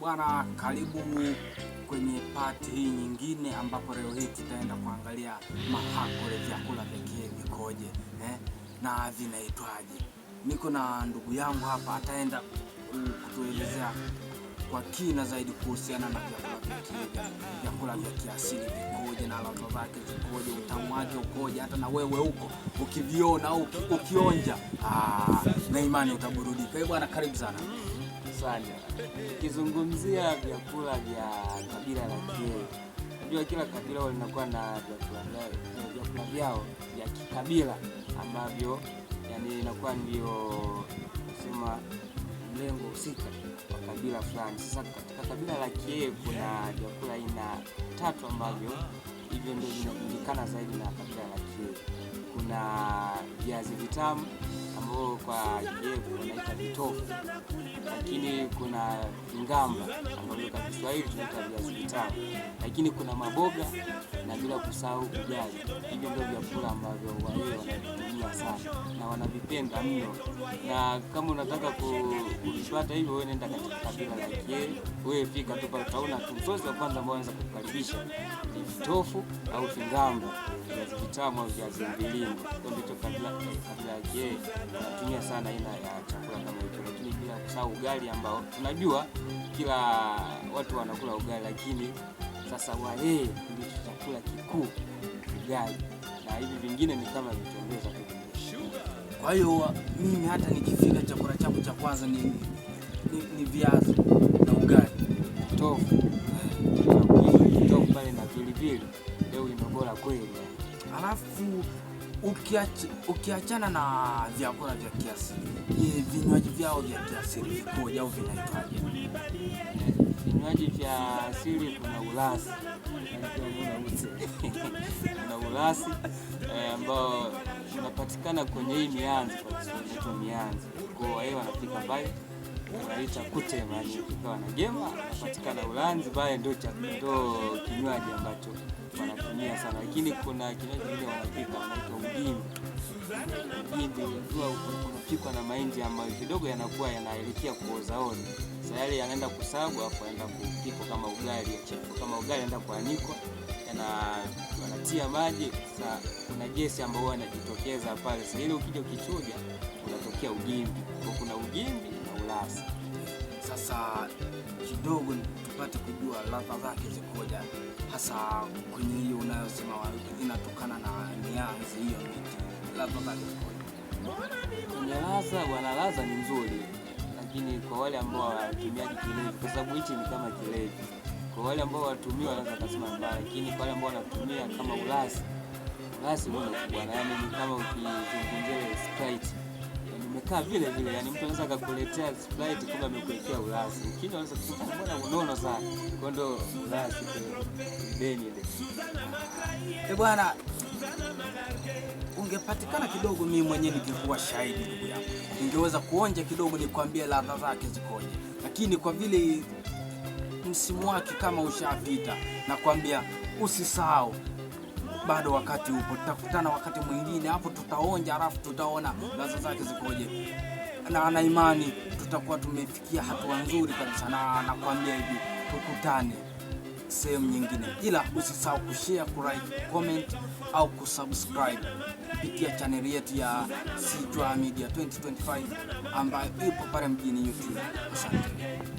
Bwana, karibu kwenye pati hii nyingine, ambapo leo hii tutaenda kuangalia mahakole vyakula vya kienyeji vikoje eh, na vinaitwaje. Niko na ndugu yangu hapa, ataenda kutuelezea kwa kina zaidi kuhusiana na vyakula vya kienyeji, vyakula vya kiasili vikoje, na ladha zake zikoje, utamu wake ukoje. Hata na wewe huko ukiviona au ukionja, ah, na imani utaburudika. Eh, bwana, karibu sana sana. Nikizungumzia vyakula vya kabila la Kihehe, unajua kila kabila linakuwa na vyakula vyao vya kikabila ambavyo yani inakuwa ndio kusema mlengo husika wa kabila fulani. Sasa katika kabila la Kihehe kuna vyakula aina tatu ambavyo hivyo ndio vinajulikana zaidi na kabila la Kihehe. Kuna viazi vitamu ambao kwa Kihehe wanaita vitofu lakini kuna ngamba ambavyo kwa Kiswahili tunaita viazi vitamu, lakini kuna maboga na bila kusahau ugali. Hivyo ndio vyakula ambavyo sana na wanavipenda mno, na kama unataka kuvipata hivyo, wewe nenda katika kabila la Kiee, wewe fika tu pale utaona msosi wa kwanza ambao anaweza kukaribisha ni vitofu au vingamba, viazi vitamu au viazi mviringo. Ndio kabila kabila la Kiee natumia sana aina ya chakula kama hicho, lakini bila kusahau ugali ambao tunajua kila watu wanakula ugali, lakini sasa wale ndio chakula kikuu ugali, na hivi vingine ni kama vitongeza kwa hiyo mimi hata nikifika chakula changu cha kwanza ni, ni, ni viazi na ugali tofu tofu pale na pilipili. Leo imebora kweli, alafu ukiachana na vyakula vya kiasili, vinywaji vyao vya kiasili vikoje au vinaitwaje? Vinywaji vya asili kuna ulasi, kuna ulasi eh, ambao inapatikana kwenye hii mianzi, kwa Kiswahili inaitwa mianzi. Kwa hiyo wanafika mbali wanaita kute yani kwa wanajema jema inapatikana Ulanzi pale, ndio cha ndio kinywaji ambacho wanatumia sana, lakini kuna kinywaji kingine wanapika wanaita ujindi. Ujindi unajua unapikwa na mahindi ambayo kidogo yanakuwa yanaelekea kuozaoza, sasa yale yanaenda kusagwa, hapo yanaenda kupikwa kama ugali, kama ugali yanaenda kuanikwa na kutia maji. Sasa kuna gesi ambayo anajitokeza pale, sasa ile ukija ukichuja unatokea ugimbi, kwa kuna ugimbi na ulasa. Sasa kidogo tupate kujua ladha zake zikoja, hasa kwenye hiyo unayosema inatokana na mianzi hiyo miti, ladha zake kwenye laza. wana laza ni nzuri, lakini kwa wale ambao wanatumia kilevi, kwa sababu hichi ni kama kilevi kwa wale ambao watumia wanaweza kusema mbaya, lakini kwa wale ambao wanatumia kama ulasi, ulasi bwana, yani ni kama ukizungumzia Sprite nimekaa yaani vile vile, yani mtu anaweza akakuletea Sprite kumbe amekuletea ulasi, lakini anaweza kusema ah, mbona unono sana. Kwa ndo ulasi deni ile. Eh bwana, ungepatikana kidogo, mimi mwenyewe nikikuwa shahidi ndugu yangu, ningeweza kuonja kidogo, nikwambie ladha zake zikoje, lakini kwa vile msimu wake kama ushapita, na kwambia usisahau, bado wakati upo, tutakutana wakati mwingine, hapo tutaonja, alafu tutaona laza zake zikoje, na ana imani tutakuwa tumefikia hatua nzuri kabisa, na nakwambia hivi, tukutane sehemu nyingine, ila usisahau kushare, kulike, comment au kusubscribe kupitia chaneli yetu ya Sijua Media 2025 ambayo ipo pale mjini YouTube. Asante.